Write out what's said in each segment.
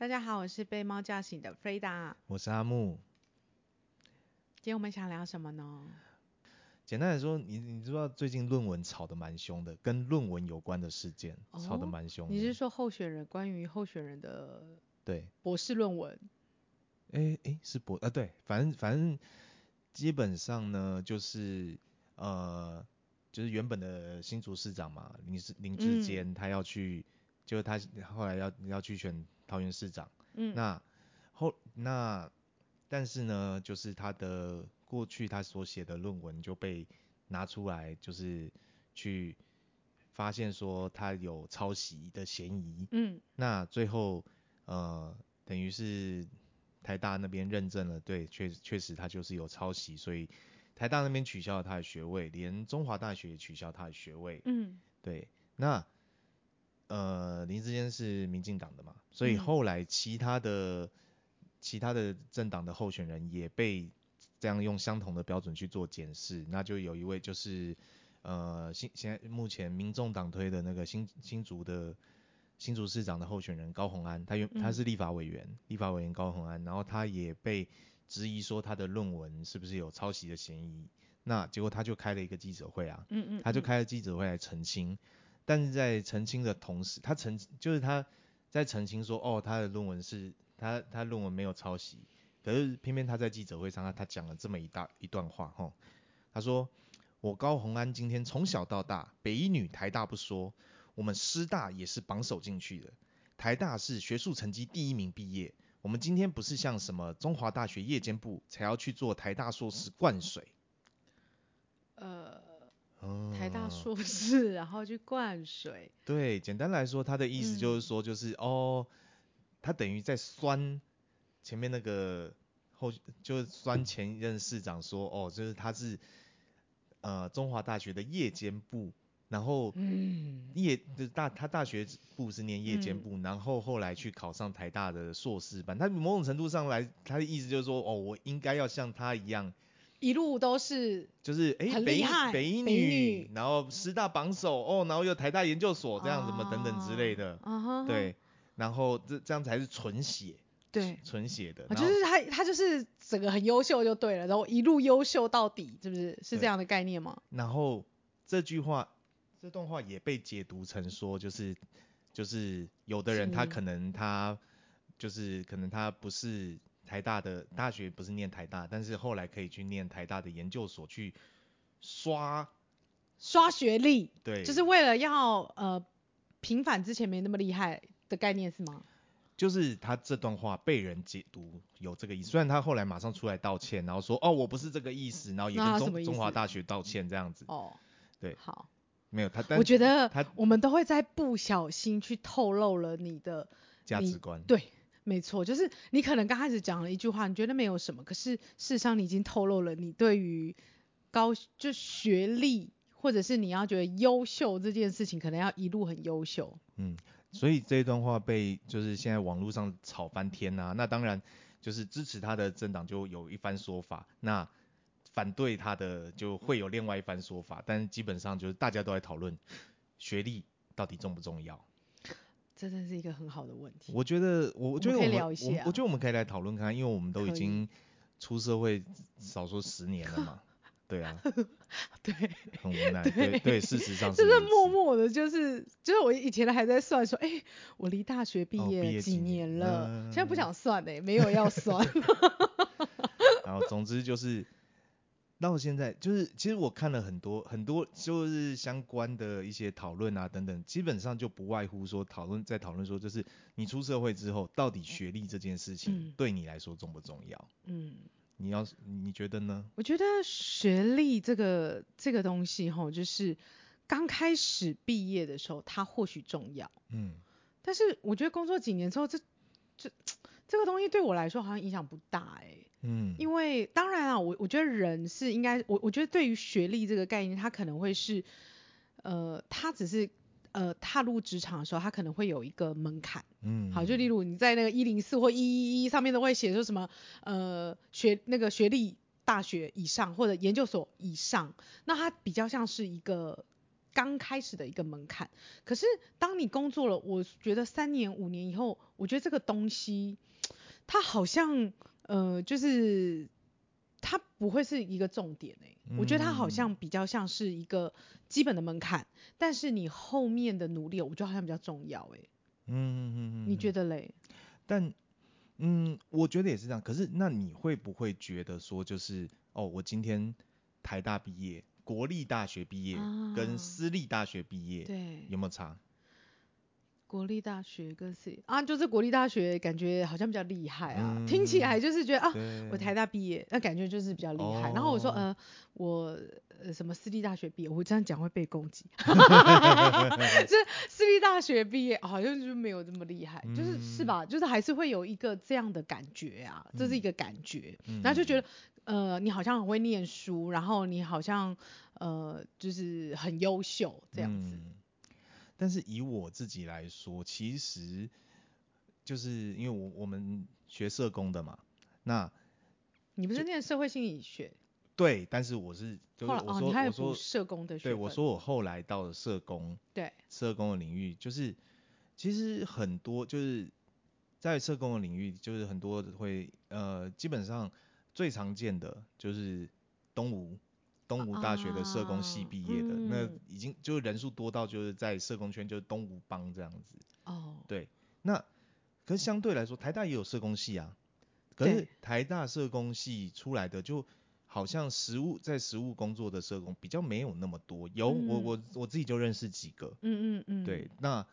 大家好，我是被貓叫醒的 Frida，我是阿木。今天我們想聊什麼呢？簡單來說，你你知道最近論文吵得蠻兇的，跟論文有關的事件、哦、吵得蠻兇。你是說候選人，關於候選人的？對。博士論文。誒、欸、誒是博啊，對，反正反正基本上呢，就是呃，就是原本的新竹市長嘛，林林志堅他要去，嗯、就是他後來要要去選。桃園市長，嗯，那後那但是呢，就是他的過去他所寫的論文就被拿出來，就是去發現說他有抄襲的嫌疑，嗯，那最後呃等於是台大那邊認證了，對，確確實他就是有抄襲，所以台大那邊取消了他的學位，連中華大學也取消他的學位，嗯，對，那。呃，林智堅是民進黨的嘛，所以後來其他的、嗯、其他的政黨的候選人也被這樣用相同的標準去做檢視，那就有一位就是呃，新現在目前民眾黨推的那個新新竹的新竹市長的候選人高虹安，他他他是立法委員，嗯、立法委員高虹安，然後他也被質疑說他的論文是不是有抄襲的嫌疑，那結果他就開了一個記者會啊，嗯嗯嗯他就開了記者會來澄清。但是在澄清的同時，他澄就是他在澄清說，哦，他的論文是他他論文沒有抄襲，可是偏偏他在記者會上他，他講了這麼一大一段話，吼，他說我高虹安今天從小到大，北一女、台大不說，我們師大也是榜首進去的，台大是學術成績第一名畢業，我們今天不是像什麼中華大學夜間部才要去做台大碩士灌水，呃。呃、台大碩士，然後去灌水。對，簡單來說，他的意思就是說，就是、嗯、哦，他等於在酸前面那個後，就是酸前任市長說，哦，就是他是呃中華大學的夜間部，然後、嗯、夜、就是、大他大學部是念夜間部、嗯，然後後來去考上台大的碩士班，他某種程度上來，他的意思就是說，哦，我應該要像他一樣。一路都是就是哎、欸、北女北女，然後師大榜首哦，然後又台大研究所、啊、這樣子嘛，等等之類的，啊、對，然後這這樣子還是純血，對，純血的、啊，就是他他就是整個很優秀就對了，然後一路優秀到底，是不是，是這樣的概念嗎？然後這句話這段話也被解讀成說就是就是有的人他可能他是就是可能他不是，台大的大學不是念台大，但是後來可以去念台大的研究所，去刷刷學歷，對，就是為了要呃平反之前沒那麼厲害的概念是嗎？就是他這段話被人解讀有這個意思，雖然他後來馬上出來道歉，然後說哦，我不是這個意思，然後也跟中中華大學道歉這樣子。哦，對，好，沒有他但，我覺得他我們都會在不小心去透露了你的價值觀，對。沒錯，就是你可能剛開始講了一句話，你覺得沒有什麼，可是事實上你已經透露了你對於高就學歷或者是你要覺得優秀這件事情，可能要一路很優秀。嗯，所以這一段話被就是現在網絡上吵翻天啊，那當然就是支持他的政黨就有一番說法，那反對他的就會有另外一番說法，但是基本上就是大家都在討論學歷到底重不重要。這真是一個很好的問題。我覺得，我覺得我，我，啊、我，我覺得我們可以來討論看，看，因為我們都已經出社會少說十年了嘛，對啊， 對，很無奈，對對，對，事實上是。就是默默的，就是就是我以前還在算說，哎、欸，我離大學畢業，、哦、業幾年了，呃，現在不想算呢，欸，沒有要算。 然後，總之就是。到現在就是，其實我看了很多很多就是相關的一些討論啊等等，基本上就不外乎說討論在討論說，就是你出社會之後，到底學歷這件事情對你來說重不重要？嗯，你要你覺得呢？我覺得學歷這個這個東西齁，就是剛開始畢業的時候，它或許重要。嗯，但是我覺得工作幾年之後，這這。這個東西對我來說好像影響不大哎、欸，嗯，因為當然啊，我我覺得人是應該，我我覺得對於學歷這個概念，它可能會是，呃，它只是呃踏入職場的時候，它可能會有一個門檻，嗯，好，就例如你在那個一零四或一一一上面都會寫說什麼，呃，學那個學歷大學以上或者研究所以上，那它比較像是一個剛開始的一個門檻，可是當你工作了，我覺得三年五年以後，我覺得這個東西。它好像，呃，就是它不會是一個重點哎、欸，嗯，我覺得它好像比較像是一個基本的門檻，但是你後面的努力，我覺得好像比較重要哎、欸。嗯，嗯，嗯，你覺得嘞？但，嗯，我覺得也是這樣。可是那你會不會覺得說，就是哦，我今天台大畢業、國立大學畢業、啊、跟私立大學畢業對，有沒有差？國立大學跟誰啊，就是國立大學感覺好像比較厲害啊、嗯，聽起來就是覺得啊，我台大畢業，那、啊、感覺就是比較厲害、哦。然後我說嗯、呃，我呃什麼私立大學畢業，我這樣講會被攻擊，哈哈哈哈哈。就是私立大學畢業好像就沒有這麼厲害、嗯，就是是吧？就是還是會有一個這樣的感覺啊，這是一個感覺，嗯、然後就覺得呃，你好像很會念書，然後你好像呃就是很優秀這樣子。嗯但是以我自己來說，其實就是因為我我們學社工的嘛，那你不是念社會心理學？對，但是我是，就是我說我說，哦，社工的對，我說我後來到了社工對社工的領域，就是其實很多就是在社工的領域，就是很多會呃，基本上最常見的就是東吳。東吳大學的社工系畢業的，啊嗯，那已經就人數多到就是在社工圈就是東吳幫這樣子。哦。對。那，可是相對來說，台大也有社工系啊。對。可是台大社工系出來的，就好像實務在實務工作的社工比較沒有那麼多。有我，我，嗯，我我自己就認識幾個。嗯嗯嗯。對。那，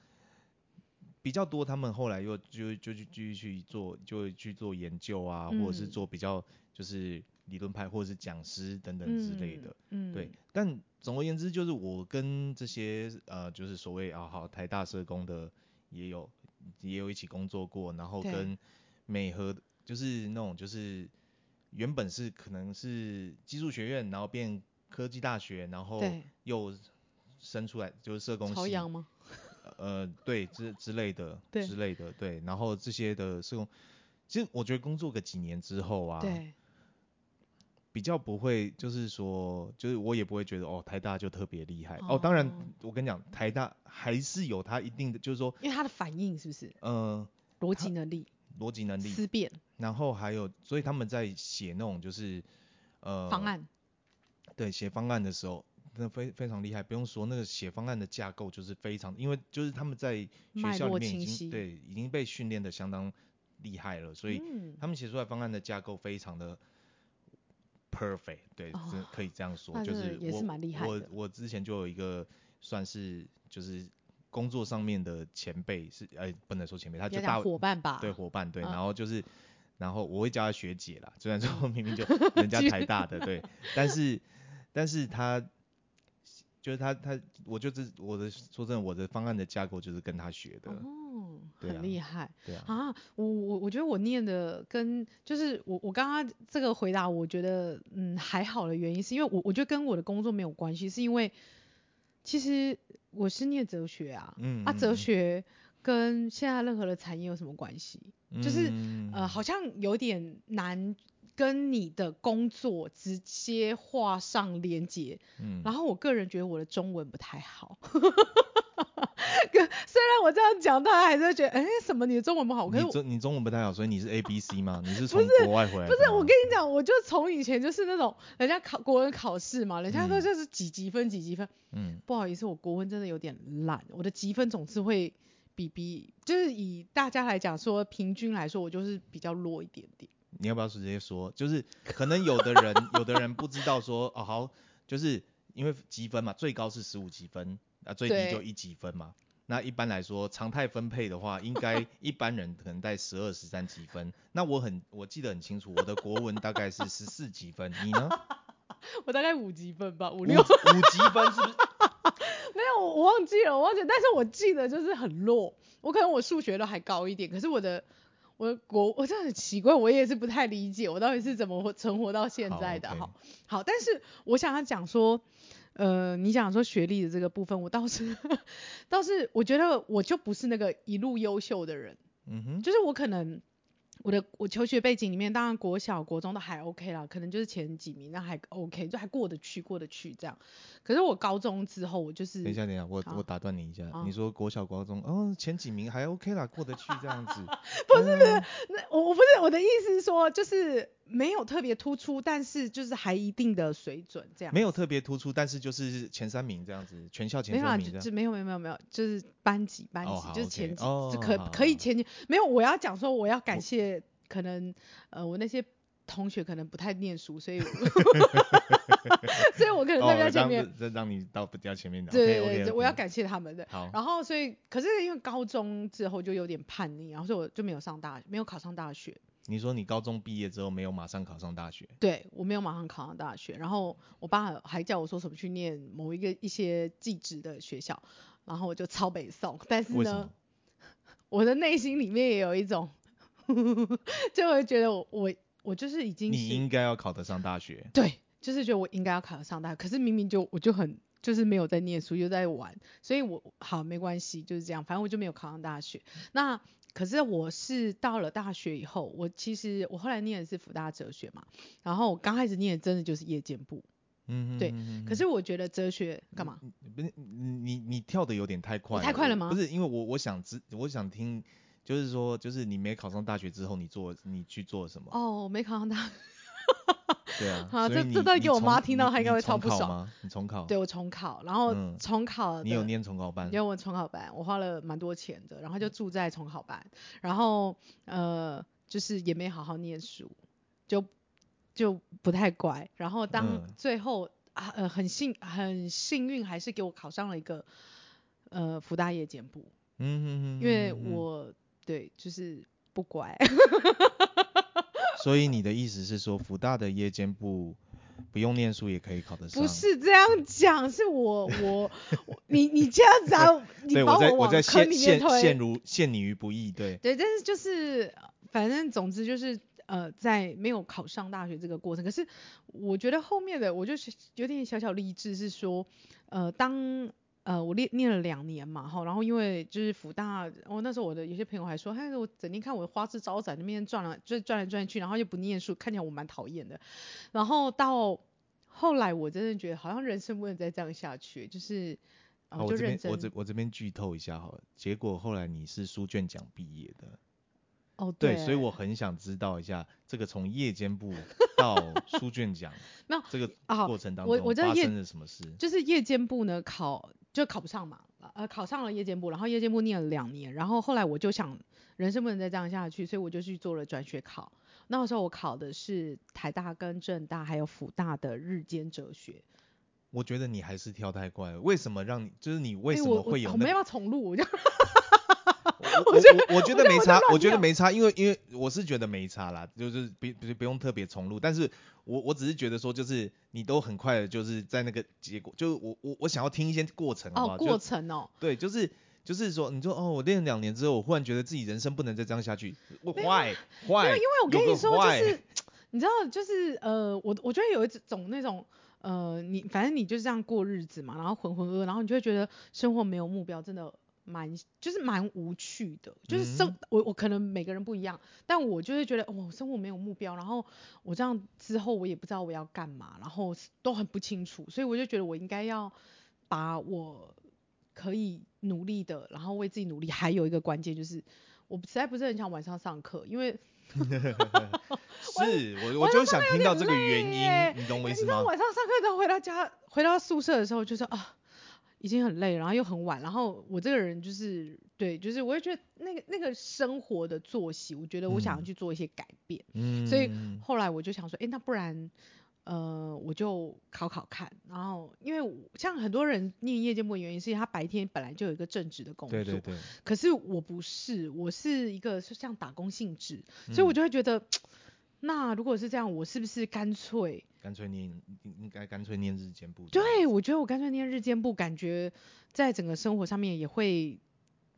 比較多他們後來又就就去繼續去做，就去做研究啊，嗯，或者是做比較就是。理論派或者是講師等等之類的、嗯嗯，對。但總而言之，就是我跟這些呃，就是所謂啊好，好台大社工的也有也有一起工作過，然後跟美和就是那種就是原本是可能是技術學院，然後變科技大學，然後又生出來就是社工系，呃，對之之類的對之類的，對。然後這些的社工，其實我覺得工作個幾年之後啊。比較不會，就是說，就是我也不會覺得哦，台大就特別厲害哦，哦。當然，我跟你講，台大還是有它一定的，就是說，因為它的反應是不是？嗯、呃，邏輯能力，邏輯能力，思辨。然後還有，所以他們在寫那種就是呃方案，對，寫方案的時候，那非非常厲害，不用說那個寫方案的架構就是非常，因為就是他們在學校裡面已經對已經被訓練的相當厲害了，所以、嗯、他們寫出來方案的架構非常的。Perfect，對，oh, 可以這樣說，也是蠻厲害的，就是我我我之前就有一個算是就是工作上面的前輩是呃、欸、不能說前輩，他就大夥伴吧，對，夥伴對，然後就是、嗯、然後我會叫他學姐啦，雖然說明明就人家台大的 對，但是但是他就是他他我就是我的說真的我的方案的架構就是跟他學的。Oh. 很厲害啊啊，啊，我我我覺得我念的跟就是我我剛剛這個回答我覺得嗯還好的原因是因為我我覺得跟我的工作沒有關係，是因為其實我是念哲學啊嗯嗯嗯，啊哲學跟現在任何的產業有什麼關係？就是嗯嗯嗯呃好像有點難。跟你的工作直接畫上連結。嗯，然後我個人覺得我的中文不太好。哈哈哈！雖然我這樣講，大家還是會覺得，哎、欸，什麼？你的中文不好？可是你中文不太好，所以你是 A B C 嗎？ 你是從國外回來不？不是，我跟你講，我就從以前就是那種人家考國文考試嘛，人家說就是幾級分幾級分。嗯，不好意思，我國文真的有點爛，我的級分總是會比比，就是以大家來講說平均來說，我就是比較弱一點點。你要不要直接說？就是可能有的人， 有的人不知道說，哦，好，就是因為級分嘛，最高是十五級分，啊最低就一級分嘛。那一般來說，常態分配的話，應該一般人可能在十二、十三級分。 那我很，我記得很清楚，我的國文大概是十四級分， 你呢？我大概五級分吧，五六。五 級分是不是？ 沒有，我我忘記了，我忘記了，但是我記得就是很弱。我可能我數學都還高一點，可是我的。我我我真的很奇怪，我也是不太理解，我到底是怎麼活存活到現在的。好、okay。好，好，但是我想要講說，呃，你想說學歷的這個部分，我倒是呵呵倒是我覺得我就不是那個一路優秀的人，嗯哼，就是我可能。我的我求學背景裡面，當然國小國中都還 OK 啦，可能就是前幾名，那還 OK，就還過得去，過得去這樣。可是我高中之後，我就是……等一下，等一下，我、啊、我打斷你一下、嗯，你說國小國中，嗯、哦，前幾名還 OK 啦， 過得去這樣子。不 是不是，嗯、那我我不是我的意思是說就是。沒有特別突出，但是就是還一定的水準這樣。沒有特別突出，但是就是前三名這樣子，全校前三名。沒有沒有沒有沒有，就是班級班級、哦、就是前幾，okay. 可、哦、可以前幾。沒有，我要講說我要感謝，可能呃我那些同學可能不太念書，所以 所以我可能在前面、哦。這讓你到比較前面對對對，okay, okay. 我要感謝他們的。然後所以可是因為高中之後就有點叛逆、啊，然後所以我就沒有上大學，沒有考上大學。你說你高中畢業之後，沒有馬上考上大學？對，我沒有馬上考上大學，然後我爸還叫我說什麼去念某一個一些技職的學校，然後我就超北送。但是呢， 我的內心裡面也有一種， 就會覺得我我我就是已經是你應該要考得上大學。對，就是覺得我應該要考得上大學，可是明明就我就很就是沒有在念書又在玩，所以我好沒關係就是這樣，反正我就沒有考上大學。那可是我是到了大學以後，我其實我後來念的是輔大哲學嘛，然後我剛開始念的真的就是夜間部，嗯,哼嗯哼，對。可是我覺得哲學幹嘛？不、嗯、是、嗯嗯、你你跳得有點太快了。太快了嗎？不是，因為我我想知，我想聽，就是說就是你沒考上大學之後，你做你去做什麼？哦，我沒考上大學。 對啊，好、啊，這這段給我媽聽到，她應該會超不爽。你，你，重，考你重考？對我重考，然後重考、嗯。你有念重考班？因為我重考班，我花了蠻多錢的，然後就住在重考班，然後呃，就是也沒好好念書，就就不太乖。然後當最後、嗯啊、呃很幸很幸運，還是給我考上了一個呃福大夜間部。嗯嗯嗯，因為我對就是不乖。 所以你的意思是說，福大的夜間部不用念書也可以考得上？不是這樣講，是我我 你你這樣子、啊， 你把我往坑裡面推，對，我在我在陷，陷陷你於不義，對對。但是就是反正總之就是呃，在沒有考上大學這個過程，可是我覺得後面的我就是有點小小勵志是說，呃，當。呃，我念念了兩年嘛，哈，然後因為就是輔大，我、哦、那時候我的有些朋友還說，嘿，我整天看我花枝招展那邊轉來就轉來轉去，然後又不念書，看起來我蠻討厭的。然後到後來，我真的覺得好像人生不能再這樣下去，就是我、呃、就認真。我這我這，我這邊劇透一下哈，結果後來你是書卷獎畢業的。哦、oh,，對，所以我很想知道一下，這個從夜間部到書卷獎，沒 這個過程當中發生了什麼事？ no, 啊、就是夜間部呢考就考不上嘛，呃，考上了夜間部，然後夜間部念了兩年，然後後來我就想人生不能再這樣下去，所以我就去做了轉學考。那個時候我考的是台大跟政大還有輔大的日間哲學。我覺得你還是跳太快了，為什麼讓你就是你為什麼會有？我們要不要重錄，我就。我 我我覺我覺得沒差，我覺得，我我覺得沒差，因為因為我是覺得沒差啦，就是不不，不用特別重錄，但是我我只是覺得說就是你都很快的就是在那個結果，就我我我想要聽一些過程好好哦過程哦，對，就是就是說你說哦我練了兩年之後我忽然覺得自己人生不能再這樣下去，壞壞，壞壞。因為因為我跟你說就是你知道就是呃我我覺得有一種那種呃你反正你就是這樣過日子嘛，然後渾渾噩噩，然後你就會覺得生活沒有目標真的。蠻就是蠻無趣的，就是生、嗯、我我可能每個人不一樣，但我就是覺得哦，我生活沒有目標，然後我這樣之後我也不知道我要幹嘛，然後都很不清楚，所以我就覺得我應該要把我可以努力的，然後為自己努力。還有一個關鍵就是，我實在不是很想晚上上課，因為 是，我我就想聽到這個原因，你懂我意思嗎？你知道晚上上課之後回到家回到宿舍的時候就說啊，已經很累，然後又很晚，然後我這個人就是，對，就是我也覺得那個那個生活的作息，我覺得我想要去做一些改變，嗯，所以後來我就想說，哎、欸，那不然，呃，我就考考看，然後因為像很多人念夜間部的原因，是因為他白天本來就有一個正職的工作，對對對，可是我不是，我是一個像打工性質，所以我就會覺得、嗯，那如果是這樣，我是不是乾脆？乾脆念，應該乾脆念日間部。對，我覺得我乾脆念日間部，感覺在整個生活上面也會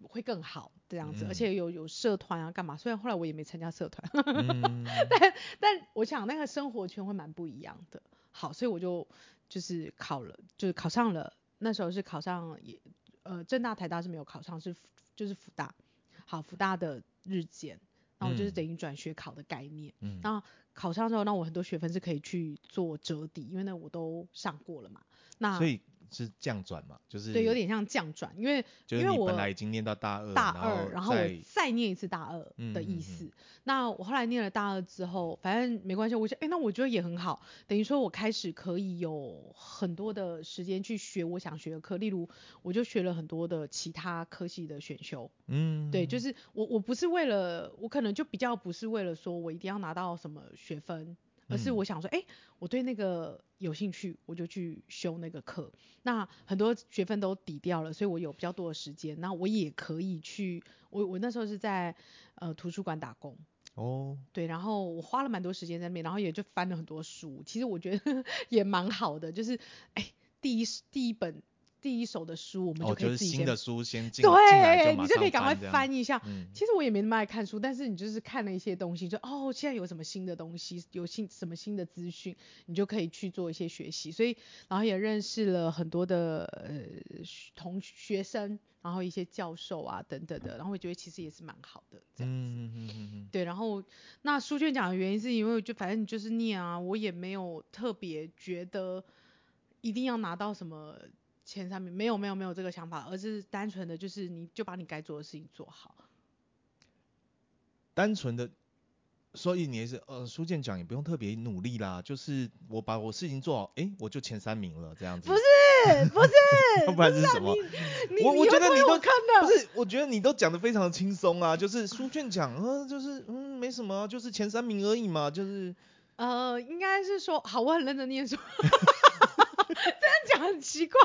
會更好這樣子，嗯、而且有有社團啊幹嘛，雖然後來我也沒參加社團、嗯，但但我想那個生活圈會蠻不一樣的。好，所以我就就是考了，就是考上了，那時候是考上也呃政大台大是沒有考上，是就是輔大，好，輔大的日間。然後就是等於轉學考的概念，嗯，然後考上之後，那我很多學分是可以去做折抵，因為那我都上過了嘛。那所以是降轉嘛，就是對，有點像降轉，因為因為我本來已經念到大二，大二，然後再然後我再念一次大二的意思。嗯嗯嗯。那我後來念了大二之後，反正沒關係，我想，哎、欸，那我覺得也很好，等於說我開始可以有很多的時間去學我想學的課，例如我就學了很多的其他科系的選修，嗯嗯嗯，對，就是我我不是為了，我可能就比較不是為了說我一定要拿到什麼學分。而是我想說，哎，我對那個有興趣，我就去修那個課。那很多學分都抵掉了，所以我有比較多的時間。那我也可以去，我我那時候是在呃圖書館打工。哦。對，然後我花了蠻多時間在那邊，然後也就翻了很多書。其實我覺得也蠻好的，就是哎，第一第一本。第一手的書，我們就可以自己先。哦就是、新的書先進對，你就可以趕快翻一下、嗯。其實我也沒那麼愛看書，但是你就是看了一些東西，就哦，現在有什麼新的東西，有新什麼新的資訊，你就可以去做一些學習。所以，然後也認識了很多的呃同學生，然後一些教授啊等等的，然後我覺得其實也是蠻好的這樣子。嗯嗯嗯嗯對，然後那書卷獎的原因是因為我就反正就是念啊，我也沒有特別覺得一定要拿到什麼。前三名，沒有沒有沒有這個想法，而是單純的就是你就把你該做的事情做好。單純的，所以你也是呃書卷獎也不用特別努力啦，就是我把我事情做好，哎、欸、我就前三名了這樣子。不是不是， 不然是什麼？我我，會會我，我覺得你都看到，不是，我覺得你都講得非常輕鬆啊，就是書卷獎啊就是嗯沒什麼，就是前三名而已嘛，就是呃應該是說好，我很認真念書。 這樣講很奇怪。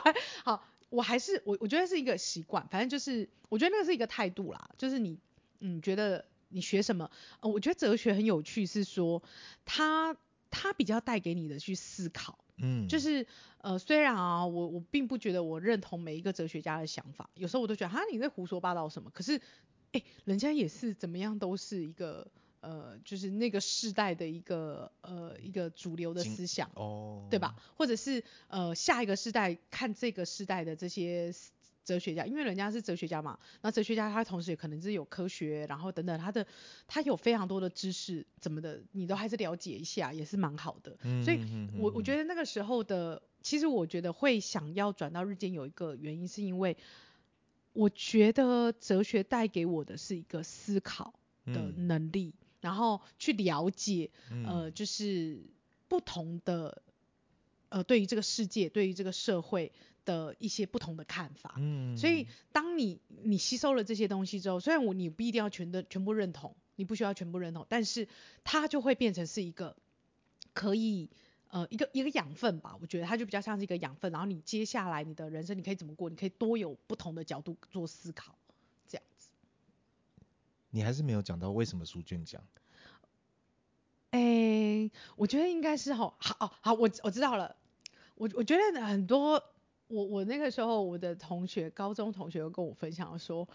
好，我還是我我覺得是一個習慣，反正就是我覺得那個是一個態度啦。就是你，你、嗯、覺得你學什麼，呃，我覺得哲學很有趣，是說它它比較帶給你的去思考。嗯，就是呃，雖然啊，我我並不覺得我認同每一個哲學家的想法，有時候我都覺得哈，你在胡說八道什麼。可是，哎、欸，人家也是怎麼樣，都是一個。呃，就是那個世代的一個呃一個主流的思想，oh. 對吧？或者是呃下一個世代看這個世代的這些哲學家，因為人家是哲學家嘛，那哲學家他同時也可能是有科學，然後等等，他的他有非常多的知識，怎麼的，你都還是了解一下，也是蠻好的。嗯。所以，我我覺得那個時候的，其實我覺得會想要轉到日間有一個原因，是因為我覺得哲學帶給我的是一個思考的能力。嗯。然後去了解，嗯，呃，就是不同的，呃，對於這個世界，對於這個社會的一些不同的看法。嗯，所以當你你吸收了這些東西之後，雖然我你不一定要全的全部認同，你不需要全部認同，但是它就會變成是一個可以呃一個一個養分吧。我覺得它就比較像是一個養分。然後你接下來你的人生你可以怎麼過，你可以多有不同的角度做思考。你還是沒有講到為什麼書卷獎？哎、欸，我覺得應該是吼，好哦，好，我我知道了。我我覺得很多，我我那個時候我的同學，高中同學跟我分享說，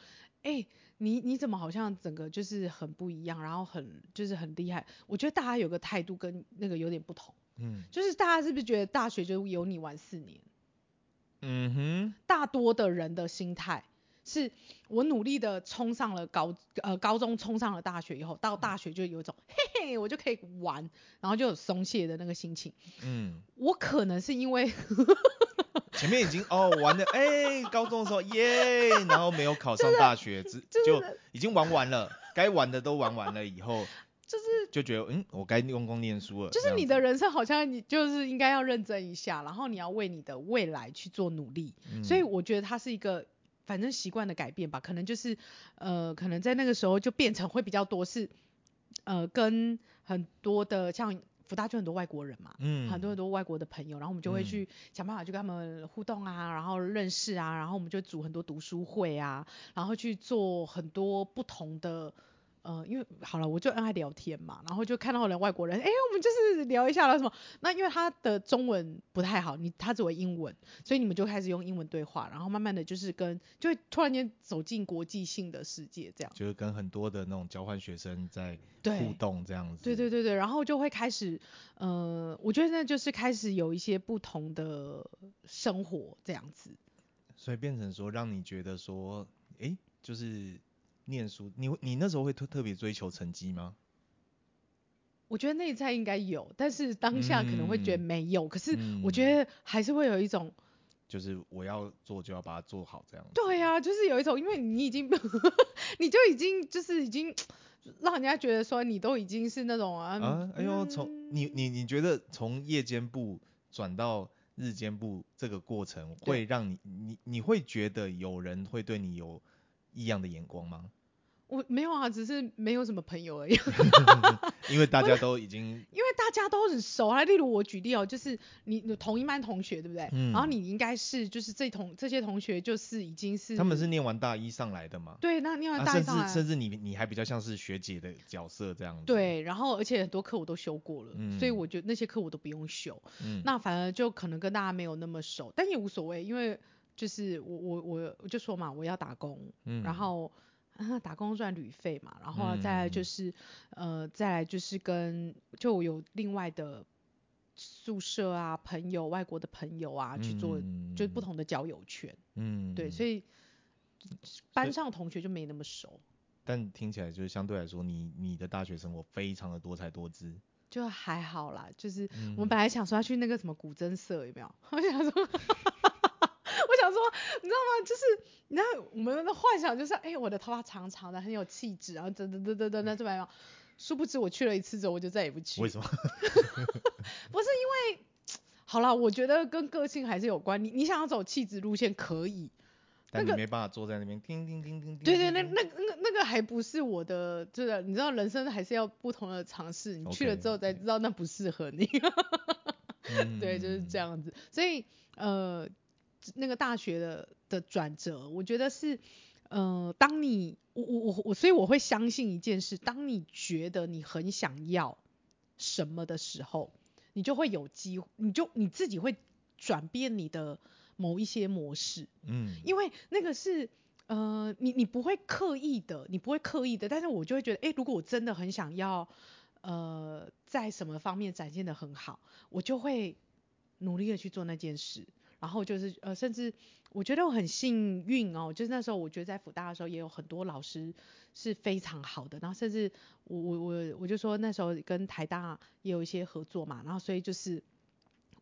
哎、欸，你你怎麼好像整個就是很不一樣，然後很就是很厲害。我覺得大家有個態度跟那個有點不同，嗯，就是大家是不是覺得大學就由你玩四年？嗯哼，大多的人的心態。是我努力的衝上了高，呃，高中，衝上了大學以後，到大學就有一種嘿嘿，我就可以玩，然後就有鬆懈的那個心情。嗯，我可能是因為 前面已經哦玩的哎，欸、 高中的時候耶， yeah, 然後沒有考上大學，就是、就是、就已經玩完了，該玩的都玩完了以後，就是就覺得嗯，我該用功念書了。就是你的人生好像你就是應該要認真一下，然後你要為你的未來去做努力。嗯、所以我覺得他是一個。反正習慣的改變吧，可能就是，呃，可能在那個時候就變成會比較多是，呃，跟很多的像福大就很多外國人嘛，嗯，很多很多外國的朋友，然後我們就會去、嗯、想辦法去跟他們互動啊，然後認識啊，然後我們就組很多讀書會啊，然後去做很多不同的。呃，因為好了，我就跟他聊天嘛，然後就看到人外國人，哎、欸，我們就是聊一下了什麼？那因為他的中文不太好，你他只會英文，所以你們就開始用英文對話，然後慢慢的就是跟，就會突然間走進國際性的世界這樣。就是跟很多的那種交換學生在互動這樣子。對對對對，然後就會開始，呃，我覺得那就是開始有一些不同的生活這樣子。所以變成說，讓你覺得說，哎、欸，就是。念書，你你那時候會特特別追求成績嗎？我覺得內在應該有，但是當下可能會覺得沒有、嗯，可是我覺得還是會有一種，就是我要做就要把它做好這樣。對呀、啊，就是有一種，因為你已經， 你就已經就是已經讓人家覺得說你都已經是那種啊。啊，哎呦，從、嗯、你你你覺得從夜間部轉到日間部這個過程，會讓你你你會覺得有人會對你有異樣的眼光嗎？我沒有啊，只是沒有什麼朋友而已。 因為大家都已經，因為大家都很熟啊。例如我舉例哦、喔，就是你同一班同學對不對、嗯？然後你應該是就是這同這些同學就是已經是，他們是念完大一上來的嘛。對，那念完大一上來、啊，甚至甚至你你還比較像是學姐的角色這樣子。對，然後而且很多課我都修過了、嗯，所以我覺得那些課我都不用修、嗯。那反而就可能跟大家沒有那麼熟，但也無所謂，因為就是我我我我就說嘛，我要打工，嗯、然後。呵呵打工賺旅費嘛，然後、啊、再來就是、嗯，呃，再來就是跟就有另外的宿舍啊，朋友，外國的朋友啊，嗯、去做、嗯、就不同的交友圈。嗯，對，所以班上同學就沒那麼熟。但聽起來就是相對來說，你你的大學生活非常的多才多姿。就還好啦，就是、嗯、我們本來想說要去那個什麼古箏社有沒有？我想說他說你知道嗎？就是然後我們的幻想就是，哎、欸，我的頭髮長長的，很有氣質，然後噔噔噔噔噔，那怎麼樣？殊不知我去了一次之後，我就再也不去了。為什麼？ 不是因為，好了，我覺得跟個性還是有關。你你想要走氣質路線可以，但你沒辦法坐在那邊叮叮叮叮。對對，對，那那那那個還不是我的，就是你知道，人生還是要不同的嘗試。你去了之後才知道那不適合你。 okay, okay. 對，就是這樣子。所以呃。那個大學的的轉折，我覺得是，呃，當你我我我，所以我會相信一件事，當你覺得你很想要什麼的時候，你就會有機會，你就你自己會轉變你的某一些模式，嗯，因為那個是，呃，你你不會刻意的，你不會刻意的，但是我就會覺得，哎、欸，如果我真的很想要，呃，在什麼方面展現得很好，我就會努力的去做那件事。然後就是呃，甚至我覺得我很幸運哦，就是那時候我覺得在輔大的時候也有很多老師是非常好的。然後甚至我我我我就說那時候跟台大也有一些合作嘛，然後所以就是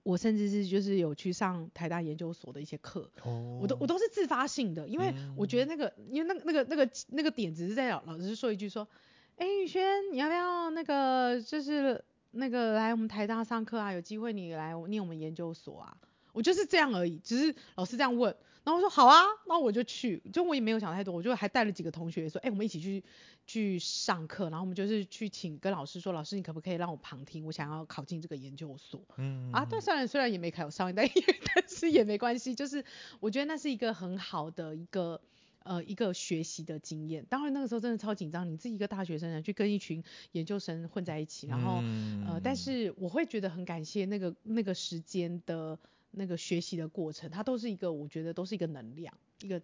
我甚至是就是有去上台大研究所的一些課，oh. 我都我都是自發性的，因為我覺得那個、嗯、因為那個那，那個那個那個點子是在老老師說一句說，哎宇軒你要不要那個就是那個來我們台大上課啊，有機會你來念我們研究所啊。我就是這樣而已，只是老師這樣問，然後我說好啊，那我就去，就我也沒有想太多，我就還帶了幾個同學說，哎、欸，我們一起去去上課，然後我們就是去請跟老師說，老師你可不可以讓我旁聽？我想要考進這個研究所，嗯啊，對，雖然雖然也沒考上，但但是也沒關係，就是我覺得那是一個很好的一個呃一個學習的經驗。當然那個時候真的超緊張，你自己一個大學生想去跟一群研究生混在一起，然後、嗯、呃，但是我會覺得很感謝那個那個時間的。那個學習的過程，它都是一個，我覺得都是一個能量，一個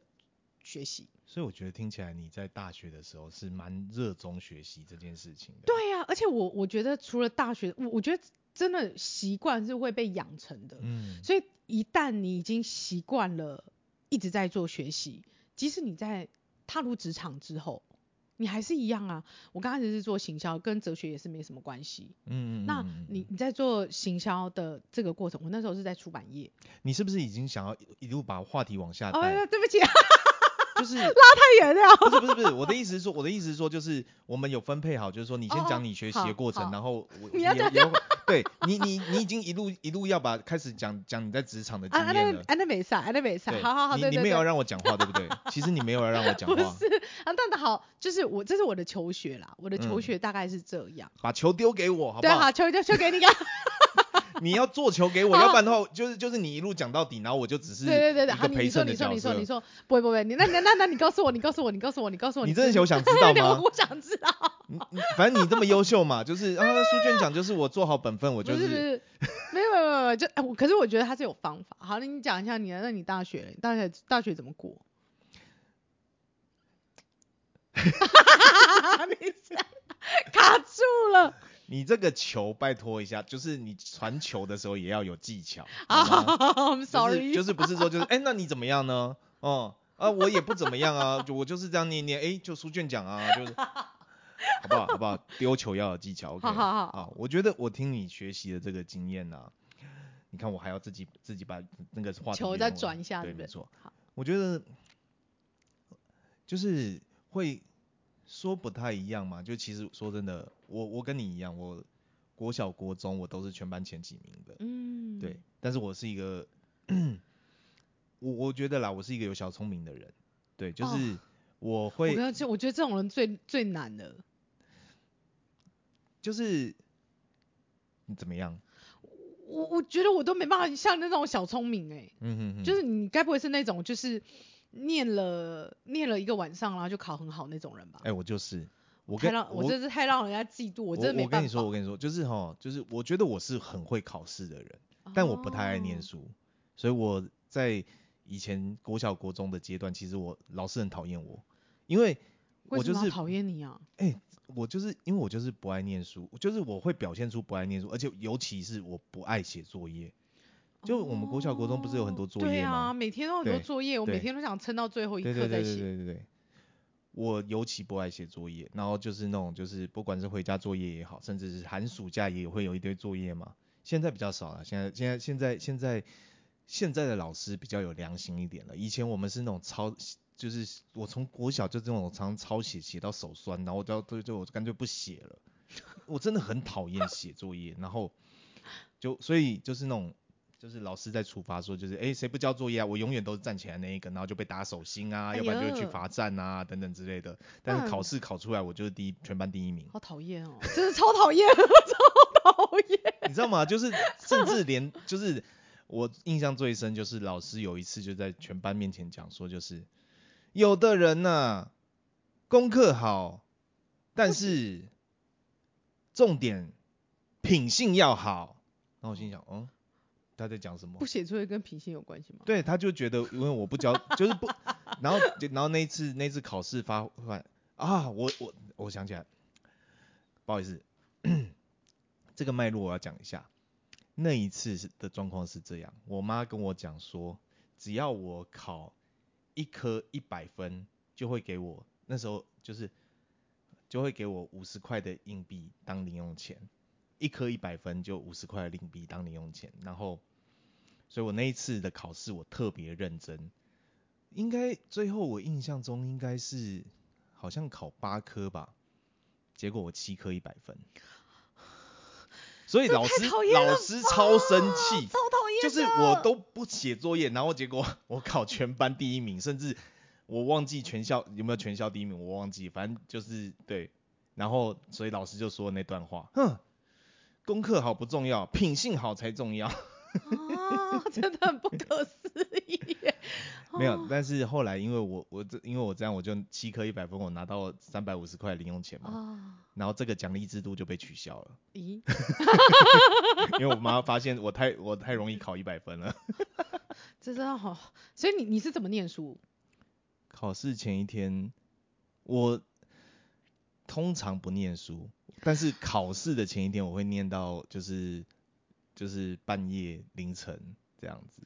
學習。所以我覺得聽起來你在大學的時候是蠻熱衷學習這件事情的。對呀，而且我我覺得除了大學，我我覺得真的習慣是會被養成的。嗯，所以一旦你已經習慣了，一直在做學習，即使你在踏入職場之後。你還是一樣啊，我剛開始是做行銷，跟哲學也是沒什麼關係。嗯，那你你在做行銷的這個過程，我那時候是在出版業。你是不是已經想要一,一路把話題往下帶？哎、哦、對不起，哈哈哈哈哈。就是拉太遠了。 不是不是不是，我的意思是說，我的意思是說，就是我們有分配好，就是說你先講你學習的過程，哦、然後我，我你要講。 對你，你，你已經一路一路要把開始講講你在職場的經驗了。安德美莎，安德美莎，好好好，你對，對，對，對你沒有要讓我講話，對不對？ 其實你沒有要讓我講話。 不是啊，那好，就是我，這是我的求學啦，我的求學大概是這樣。嗯，把球丟給我，好不好？對，好，球丟球給你。 你要做球給我，要不然的話就是就是你一路講到底，然後我就只是陪襯的角色，對對對對，好、啊，你說，你說你說你說，不會不不會，你那那那那你告訴我，你告訴我，你告訴我，你告訴我你這，你真的想想知道嗎？我想知道。反正你這麼優秀嘛，就是啊，淑娟講，就是我做好本分， 我就是。是 沒有沒有沒有，就、哎、可是我覺得他是有方法。好了，你講一下你的，那你大學大學大學怎麼過？哈哈哈哈哈哈！卡住了。你這個球拜託一下，就是你傳球的時候也要有技巧。啊哈哈就是不是說就是，哎、欸，那你怎麼樣呢？哦，啊，我也不怎麼樣啊， 就我就是這樣念念，哎、欸，就書卷獎啊，就是， 好不好？好不好？丟球要有技巧，OK？好好好，啊，我覺得我聽你學習的這個經驗啊，你看我還要自己自己把那個話題再轉一下那邊，對，沒錯，我覺得就是會。說不太一樣嘛，就其實說真的，我我跟你一樣，我國小國中我都是全班前幾名的，嗯，對，但是我是一個， 我我覺得啦，我是一個有小聰明的人，對，就是我會，哦、我，我覺得這種人最最難的，就是你怎麼樣？我我覺得我都沒辦法像那種小聰明哎、欸，嗯哼哼，就是你該不會是那種就是。念了念了一個晚上啦，然後就考很好那種人吧。哎、欸，我就是，我跟太讓，我真是太讓人家嫉妒，我真的沒辦法。我跟你說，我跟你說，就是吼，就是我覺得我是很會考試的人、哦，但我不太愛念書，所以我在以前國小、國中的階段，其實我老師很討厭我，因為我、就是、為什麼討厭你啊？哎、欸，我就是因為我就是不愛念書，就是我會表現出不愛念書，而且尤其是我不愛寫作業。就我們國小國中不是有很多作業嗎？哦，對啊，每天都有很多作業，我每天都想撐到最後一刻再寫。對對對對對，對,對，我尤其不愛寫作業，然後就是那種就是不管是回家作業也好，甚至是寒暑假也會有一堆作業嘛。現在比較少了，現在現在現在現在現在的老師比較有良心一點了。以前我們是那種抄，就是我從國小就這種常常抄寫寫到手酸，然後就就就我乾脆不寫了。我真的很討厭寫作業， 然後就所以就是那種。就是老師在處罰說，就是誒誰、欸、不交作業啊？我永遠都是站起來那一個，然後就被打手心啊、哎，要不然就會去罰站啊，等等之類的。但，但是考試考出來，我就是第一，全班第一名。好討厭哦，真 是超討厭，超討厭。你知道嗎？就是甚至連就是我印象最深，就是老師有一次就在全班面前講說，就是有的人呢、啊，功課好，但是 重點品性要好。然後我心想，哦、嗯。他在講什麼？不寫作業跟品性有關係嗎？對，他就覺得，因為我不交， 就是不，然後，然後那一次，那次考試發還啊，我我我想起來，不好意思，這個脈絡我要講一下。那一次的狀況是這樣，我媽跟我講說，只要我考一科一百分，就會給我那時候就是就會給我五十塊的硬幣當零用錢。一科一百分就五十塊零幣當零用錢，然後，所以我那一次的考試我特別認真，應該最後我印象中應該是好像考八科吧，結果我七科一百分，所以老師老師超生氣，啊，超討厭，就是我都不寫作業，然後結果我考全班第一名，甚至我忘記全校有沒有全校第一名，我忘記，反正就是對，然後所以老師就說那段話，哼。功課好不重要，品性好才重要。 oh, 真的很不可思議。Oh. 沒有，但是後來因為我我這因為我這樣我就七科一百分，我拿到三百五十塊零用錢嘛。Oh. 然後這個獎勵制度就被取消了。咦、欸？ 因為我媽發現我太我太容易考一百分了。哈哈。這真的好，所以你你是怎麼念書？考試前一天，我通常不念書。但是考試的前一天，我會念到，就是就是半夜凌晨這樣子。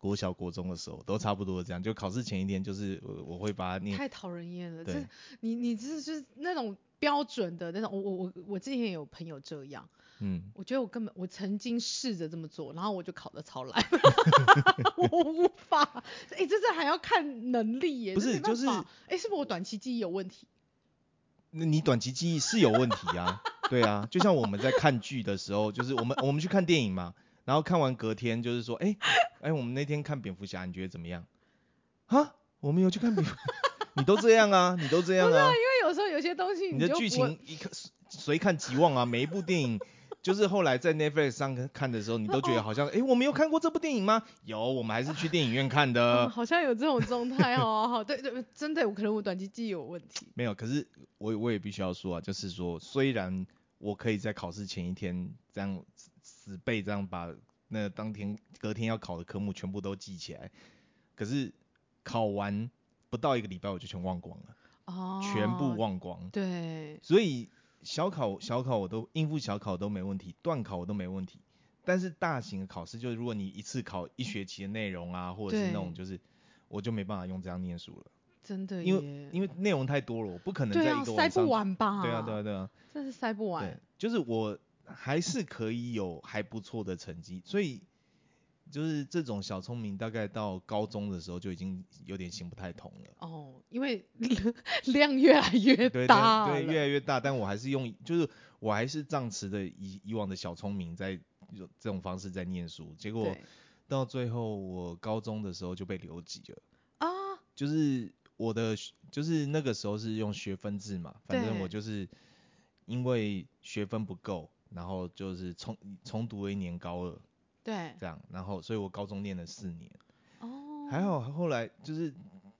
國小、國中的時候都差不多這樣，就考試前一天，就是我，我會把它念。太討人厭了，這是你你這是，就是那種標準的那種。我我我我之前也有朋友這樣，嗯，我覺得我根本我曾經試着這麼做，然後我就考得超爛， 我無法。哎、欸，這這還要看能力耶，不是，是就是哎、欸，是不是我短期記憶有問題？那你短期記憶是有問題啊，對啊，就像我們在看劇的時候，就是我們我們去看電影嘛，然後看完隔天就是說，哎、欸、哎、欸，我們那天看蝙蝠俠，你覺得怎麼樣？啊，我沒有去看蝙蝠， 你都這樣啊，你都這樣啊，不是啊，因為有時候有些東西你，你的劇情一看，隨看即忘啊，每一部電影。就是後來在 Netflix 上看的時候，你都覺得好像，誒、哦欸，我沒有看過這部電影嗎？有，我們還是去電影院看的。嗯、好像有這種狀態哦， 好對，對，真的，可能我短期記憶有問題。沒有，可是我我也必須要說啊，就是說，雖然我可以在考試前一天這樣死背，十倍這樣把那當天，隔天要考的科目全部都記起來，可是考完不到一個禮拜我就全忘光了，哦，全部忘光，對，所以。小考小考，我都應付小考都沒問題，段考我都沒問題，但是大型的考試就是如果你一次考一學期的內容啊，或者是那種就是，我就沒辦法用這樣念書了。真的，因為因為內容太多了，我不可能在一個晚上，對啊，塞不完吧？對啊對啊對啊，就是塞不完對。就是我還是可以有還不錯的成績，所以。就是這種小聰明，大概到高中的時候就已經有點行不太通了。哦，因為呵呵量越來越大。對，對，對，對越來越大。但我還是用，就是我還是仗恃的以以往的小聰明在，在用這種方式在念書，結果到最後我高中的時候就被留級了。啊。就是我的學，就是那個時候是用學分制嘛，反正我就是因為學分不夠，然後就是重重讀了一年高二。對，這樣，然後，所以我高中念了四年，哦、oh，還好，後來就是，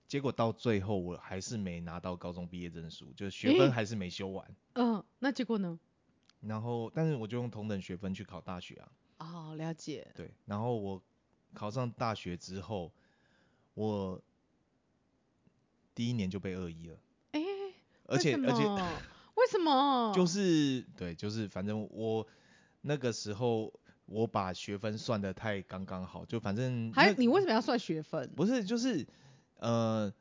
結果到最後我還是沒拿到高中畢業證書，就學分還是沒修完、欸。嗯，那結果呢？然後，但是我就用同等學分去考大學啊。哦、oh，了解。對，然後我考上大學之後，我第一年就被二一了。哎、欸，而且而且，為什，而且為什麼？就是，對，就是，反正我那個時候。我把學分算得太剛剛好，就反正、那個、還有你為什麼要算學分？不是，就是呃，